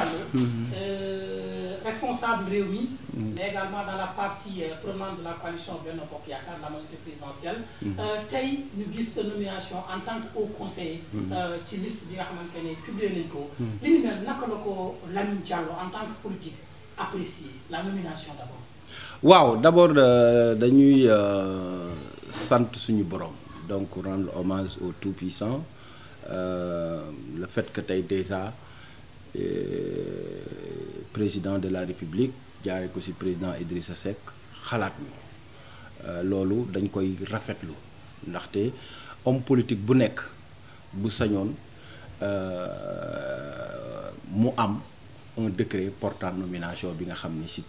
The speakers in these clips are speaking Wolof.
Diallo. Mhm. Euh, responsable réew mi. Mhm. également dans partie euh, prenante de la coalition Benno Bokk Yaakaar la majorité présidentielle. Mhm. Euh, tey ñu gis sa nomination en tant que haut conseiller. ci liste bi nga xamante ne publié ko. li ñu naka la ko Lamine Diallo en tant que politique apprécier la nomination d' abord. waaw d' dañuy sant suñu borom donc rendre hommage au tout puissant euh, le fait que tey déjà. président de la république jaare ko ci président Idrissa Seck xalaat ñu euh, loolu dañ koy rafetlu ndaxte homme politique bu nekk bu sañoon euh, mu am un décret portant nomination bi nga xam ni ci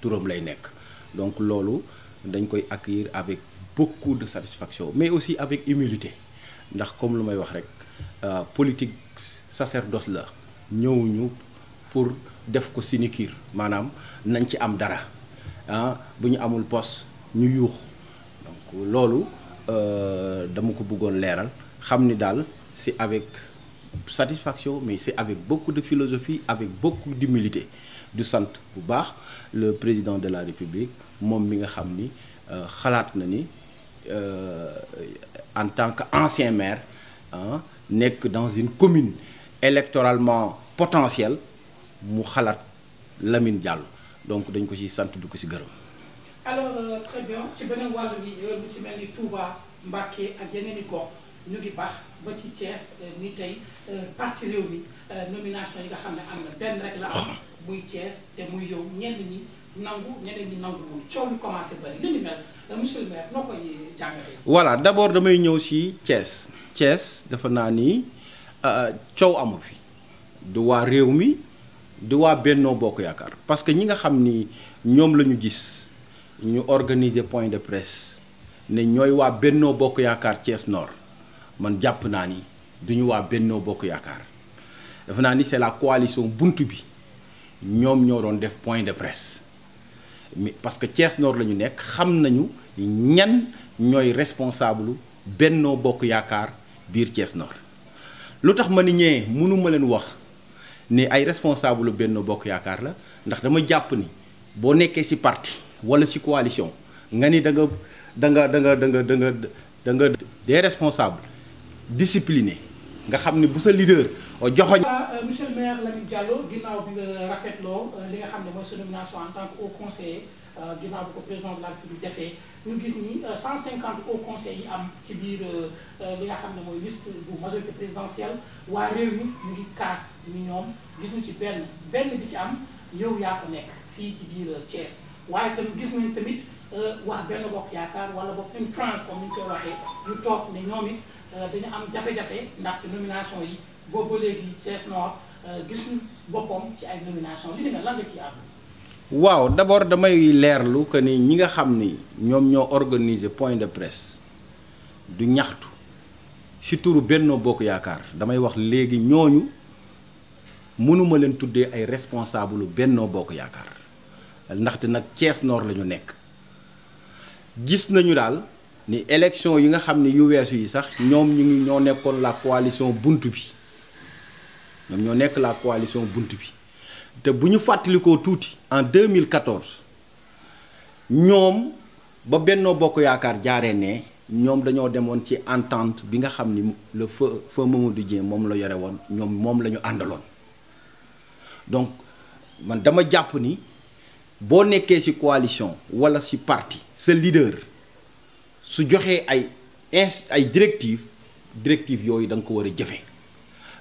turam lay nekk donc loolu dañ koy accueillir avec beaucoup de satisfaction mais aussi avec humilité ndax comme lu may wax rek euh, politique sacerdoce la ñëwuñu pour def ko sinikir maanaam nañ ci am dara ah bu ñu amul poste ñu yuux donc loolu euh, dama ko buggoon leeral xam ni daal c'est avec satisfaction mais c'est avec beaucoup de philosophie avec di d'humilité du sant bu baax le président de la République moom mi nga xam ni euh, xalaat na ni euh, en tant que qu'ancien maire ah nekk dans une commune électoralement potentiel mu xalaat Lamine jàll donc dañ ko ci sant du ko ci gërëm. alors euh, très ci beneen wàll bi euh, lu ci mel ni Touba Mbacké ak yeneen i gox ñu ngi baax ba ci Thiès euh, ni tey parti réew mi nomination yi nga xam ne am na benn rek la am muy Thiès te muy yow ñenn ñi nangu ñeneen ñi nangu moom coow ñu commencé bari li ni mel monsieur le noo koy jàngatee. voilà d'abord damay ñëw ci Thiès Thiès dafa naa nii Euh, euh, coow amul fi du waa réew mi du waa Bennoo Bokk Yaakaar parce que ñi nga xam ni ñoom la ñu gis ñu organiser point de presse ne ñooy waa Bennoo Bokk Yaakaar Thiès noor man jàpp naa ni du ñu waa Bennoo Bokk Yaakaar dafa naa ni c'est la coalition bunt bi ñoom ñoo doon def point de presse mais parce que Thiès Nord la nekk xam nañu ñan ñooy responsable Bennoo Bokk Yaakaar biir cees noor lu tax ma ni ñee mënuma leen wax ni ay responsable benn bokk yaakaar la ndax dama jàpp ni boo nekkee ci parti walla ci coalition nga ni da nga da nga da nga da nga da nga des responsables disciplinés nga xam ni bu sa leader joxoñ euh, monsieur le maire Lamine Diallo ginnaaw bi nga euh, li nga xam ne mooy sa nomination en tant que haut conseiller euh, ginnaaw bi la République defee ñu gis ni 150 hauts conseillers yi am ci biir li nga xam ne mooy liste bu majorité présidentielle waa réew mi ñu ngi kaas ni ñoom gis ñu ci benn benn bi ci am yow yaa ko nekk fii ci biir Thiès waaye tamit gis nañ tamit wax benn bokk yaakaar wala bokk une frange ko ni ñu koy waxee ñu toog ne ñoom it dañu am jafe-jafe ndaxte nomination yi boobu léegi euh, boppam ci ay nomination waaw d'abord damay leerlu que ni ñi nga xam ni ñoom ñoo organiser point de presse du ñaxtu si turu Benno Bokk Yaakaar damay wax léegi ñooñu mënuma leen tuddee ay responsable Benno Bokk Yaakaar ndaxte nag Thiès Nord la ñu nekk gis nañu daal ni élection yi nga xam ni yu weesu yi sax ñoom ñu ngi ñoo nekkoon la coalition bunt bi ñoom ñoo nekk la coalition bunt bi te bu ñu fàttalikoo tuuti en 2014 ñoom ba Benno Bokk Yaakaar jaaree ne ñoom dañoo demoon ci entente bi nga xam ni le feu feu Mamadou Dieng moom la yore woon ñoom moom la ñu àndaloon donc man dama jàpp ni boo nekkee ci coalition walla ci parti sa leader su joxee ay ins ay directives directives yooyu da nga ko war a jëfee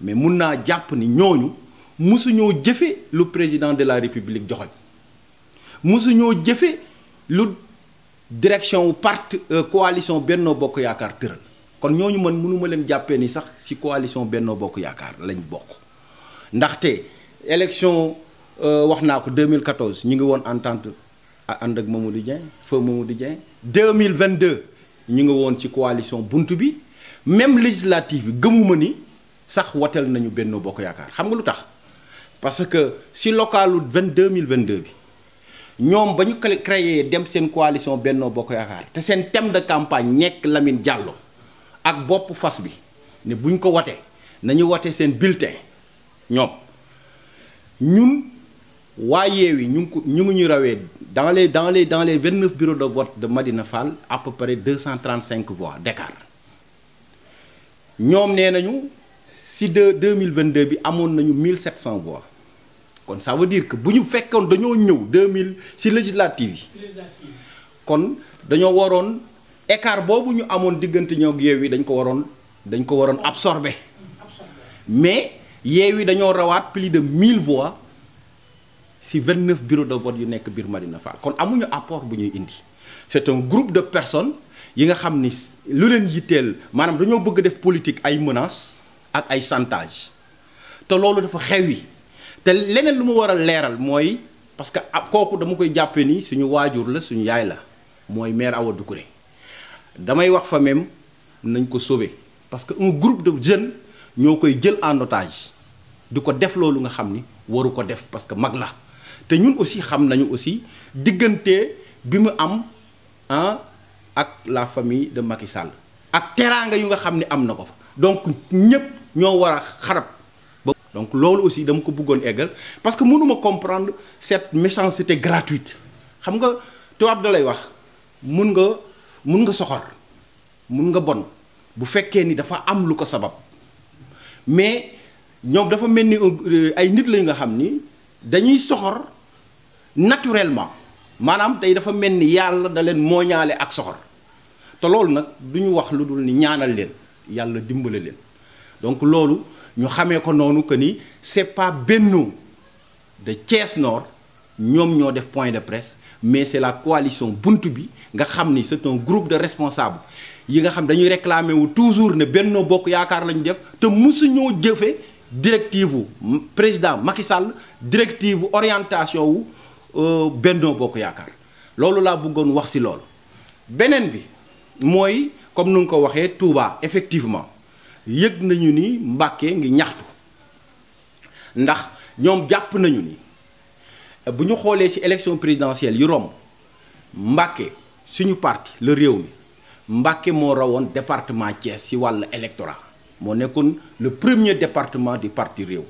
mais mun naa jàpp ni ñooñu mosuñoo jëfe lu président de la bi république joxoñ mosuñoo jëfe lu direction parti euh, coalition Benno Bokk Yaakaar tëral kon ñooñu man mënuma leen jàppee ni sax ci coalition Benno Bokk Yaakaar lañ bokk ndaxte élection euh, wax naa ko 2014 ñu ngi woon entente ànd ak Mamadou Dieng feu Mamadou Dieng 2022 ñu ngi woon ci coalition bunt bi même législative bi gëmuma ni sax woteel nañu Benno Bokk Yaakaar xam nga lu tax parce que si mille vingt 2022 bi ñoom ba ñu créé dem seen coalition Benno Bokk Yaakaar te seen thème de campagne nekk Lamine Diallo ak bopp fas bi ne bu buñ ko wotee nañu wote seen bulletin ñoom ñun waaye Yewwi ñu ngi ko ñu ngi ñu rawee dans les dans les dans les 29 bureaux de vote de Madina Fall à peu près cinq voix d'écart ñoom nee nañu. si de 2022 bi amoon nañu 1700 voix kon ça veut dire que bu ñu fekkoon dañoo ñëw 2000 si législative yi kon dañoo waroon écart boobu ñu amoon diggante ñoo yi dañ ko waroon dañ ko waroon absorbé mais yeew yi dañoo rawaat plus de 1000 voix si 29 bureaux de vote yu nekk biir Madina Fall kon amuñu apport bu ñuy indi c'est un groupe de personnes yi nga xam ni lu leen yitteel maanaam dañoo bëgg def politique ay menaces ak ay chantage te loolu dafa xew te leneen lu mu war a leeral mooy parce que ab kooku dama koy jàppe nii suñu waajur la suñu yaay la mooy maire Awa Doucouré damay wax fa nañ ko sauver parce que un groupe de jeunes ñoo koy jël en otage di ko def loolu nga xam ni waru ko def parce que mag la te ñun aussi xam nañu aussi diggante bi mu am ah ak la famille de Macky Sall ak teraanga yu nga xam ni am na ko fa donc ñëpp ñoo war a xarab ba donc loolu aussi dama ko buggoon eggal parce que mënuma comprendre cette méchanceté gratuite xam nga tubaab da lay wax mun nga mun nga soxor mun nga bon bu fekkee ni dafa am lu ko sabab mais ñoom dafa mel ni euh, ay nit lañu nga xam ni dañuy soxor naturellement maanaam tey dafa mel ni yàlla da leen mooñaale ak soxor te loolu nag du ñu wax lu dul ni ñaanal leen yàlla dimbale leen donc loolu ñu xamee ko noonu que ni c'est pas Benno de Thiès noor ñoom ñoo def point de presse mais c'est la coalition bunt bi nga xam ni c'est un groupe de responsable yi nga xam dañuy réclamer wu toujours ne Benno Bokk Yaakaar lañu def te mu mësuñoo jëfe directive wu président Macky Sall directive wu orientation wu euh, Benno Bokk Yaakaar loolu laa bëggoon wax si loolu beneen bi mooy comme nu nga ko waxee Touba effectivement yëg nañu ni Mbàkke ngi ñaxtu ndax ñoom jàpp nañu ni bu ñu xoolee ci élection présidentielle yu romb Mbàkke suñu parti la réew mi Mbàkke moo rawoon département Thiès ci wàll électorat moo nekkoon le premier département di parti réew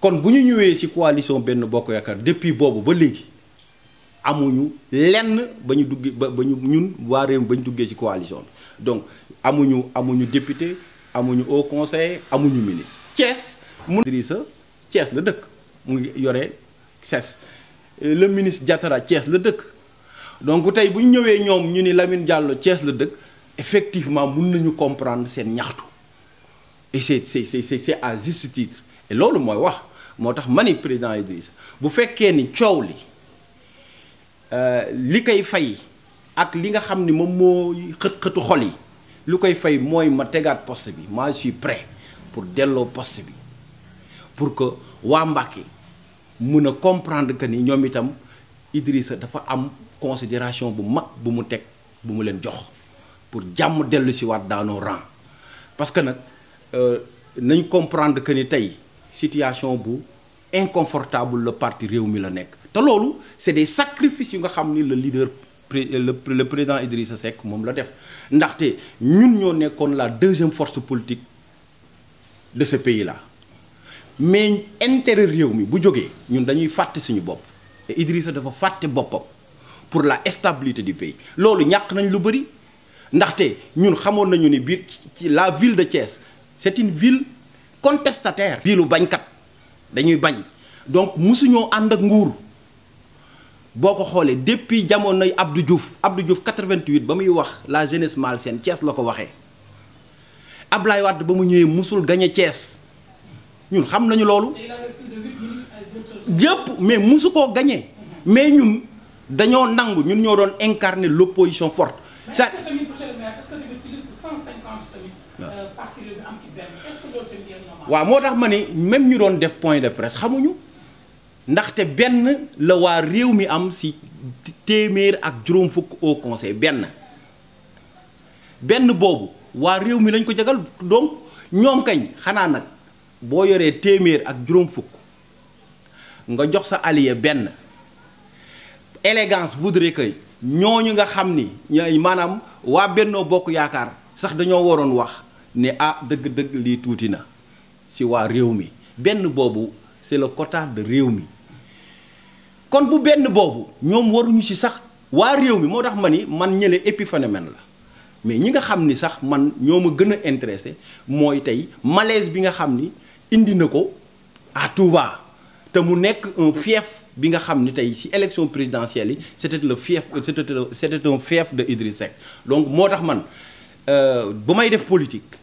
kon bu ñu ñëwee ci coalition benn Bokk Yaakaar depuis boobu ba léegi amuñu lenn ba ñu duggee ba ba ñu ñun waa réew mi ba ñu duggee ci coalition bi donc amuñu amuñu député amuñu au conseil amuñu ministre. Thiès mun Idrissa Thiès la dëkk mu ngi yore ses le ministre Diatara Thiès la dëkk donc tey bu ñu ñëwee ñoom ñu ni Lamine jàll Thiès la dëkk effectivement mun nañu comprendre seen ñaxtu et c'est c'est c'est à juste titre loolu mooy wax moo tax ma ni président Idrissa bu fekkee ni coow li. Euh, li koy fay ak li nga xam ni moom moo xët-xëtu xol yi lu koy fay mooy ma tegaat poste bi ma je suis pour delloo poste bi pour que waa Mbacké mun a comprendre que ni ñoom itam Idrissa dafa am considération bu mag bu mu teg bu mu leen jox pour jàmm dellu si waat dans nos rangs parce que nag euh, nañ comprendre que ni tey situation bu inconfortable le parti réew mi la nekk te loolu c'est des sacrifices yu nga xam ni le leader euh, le président Idrissa Seck moom la def ndaxte ñun ñoo nekkoon la deuxième force politique de ce pays là mais intérêt réew mi bu jógee ñun dañuy fàtte suñu bopp te Idrissa dafa fàtte boppam pour la stabilité du pays loolu ñàkk nañ lu bëri ndaxte ñun xamoon nañu ni biir ci la ville de Thiès c'est une ville contestataire. biilu bañkat dañuy bañ donc musuñoo ànd ak nguur. boo ko xoolee depuis jamonoy Abdou Diouf Abdou Diouf 88 ba muy wax la jeunesse malsaine Thiès la ko waxee Ablaye Wade ba mu ñëwee musul gañe Thiès ñun xam nañu loolu. yëpp mais musu koo gañee mais ñun dañoo nangu ñun ñoo doon incarner l' opposition forte. c' est euh, waaw moo tax ma ni même ñu doon def point de presse xamuñu. ndaxte benn la waa réew mi am si téeméer ak juróom fukk au conseil benn benn boobu waa réew mi lañ ko jagal doom ñoom kañ xanaa nag boo yoree téeméer ak juróom fukk nga jox sa allié benn élégance voudrait que ñooñu nga xam ni ñooy maanaam waa Bennoo Bokk Yaakaar sax dañoo waroon wax ne ah dëgg-dëgg lii tuuti na si waa réew mi benn boobu c'est le quota de réew mi kon bu benn boobu ñoom waruñu si sax waa réew mi moo tax ma ni man ñële épiphénomène la mais ñi nga xam ni sax man ñoo ma gën a intéressé mooy tey malaise bi nga xam ni indi na ko à Touba te mu nekk un fief bi nga xam ni tey ci élection présidentielle yi c'était le fief c'était c'était un fief de Idriss sec donc moo tax man euh, bu may def politique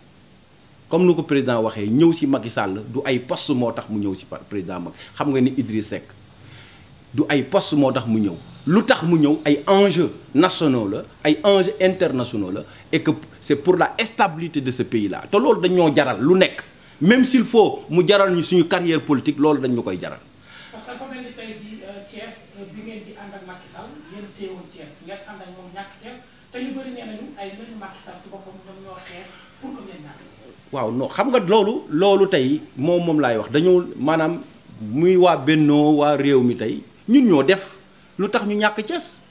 comme nu ko président waxee ñëw ci Macky Sall du ay post moo tax mu ñëw ci président Macky xam nga ni Idriss Seck du ay post moo tax mu ñëw lu tax mu ñëw ay enjeux nationaux la ay enjeux internationaux la et que c'est pour la stabilité de ce pays là te loolu dañoo jaral lu nekk même s'il faut mu jaral suñu carrière politique loolu dañ koy jaral. Euh, euh, te ñu bëri nee nañu ay mbiru Macky Sall ci boppam ñoom ñoo xeex pour que ngeen ñàkk Thiès. waaw non xam nga loolu. loolu tey moom moom laay wax dañoo maanaam muy waa Bennoo waa réew mi tey. ñun ñoo def lu tax ñu ñàkk Thiès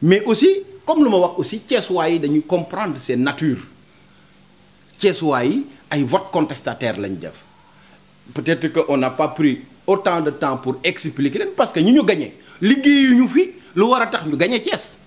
mais aussi comme lu ma wax aussi Thiessois yi dañuy comprendre seen nature Thiessois yi ay vote contestataire lañ def peut-être que on n'a pas pris autant de temps pour expliquer leen parce que ñu ñu gagné liggéeyuñu fi lu war a tax ñu gagné Thiès.